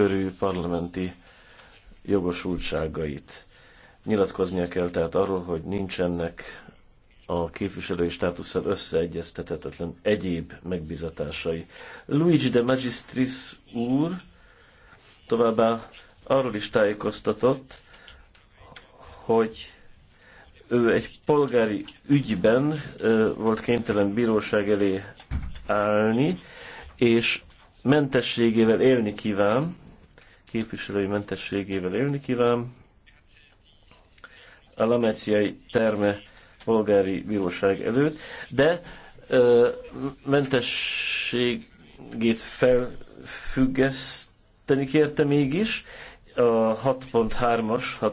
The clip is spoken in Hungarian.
körű parlamenti jogosultságait. Nyilatkoznia kell tehát arról, hogy nincsenek a képviselői státusszal összeegyeztetetlen egyéb megbizatásai. Luigi de Magistris úr továbbá arról is tájékoztatott, hogy ő egy polgári ügyben ö, volt kénytelen bíróság elé állni, és mentességével élni kíván, képviselői mentességével élni kíván. A Lameciai terme polgári bíróság előtt, de ö, mentességét felfüggeszteni kérte mégis a 6.3-as,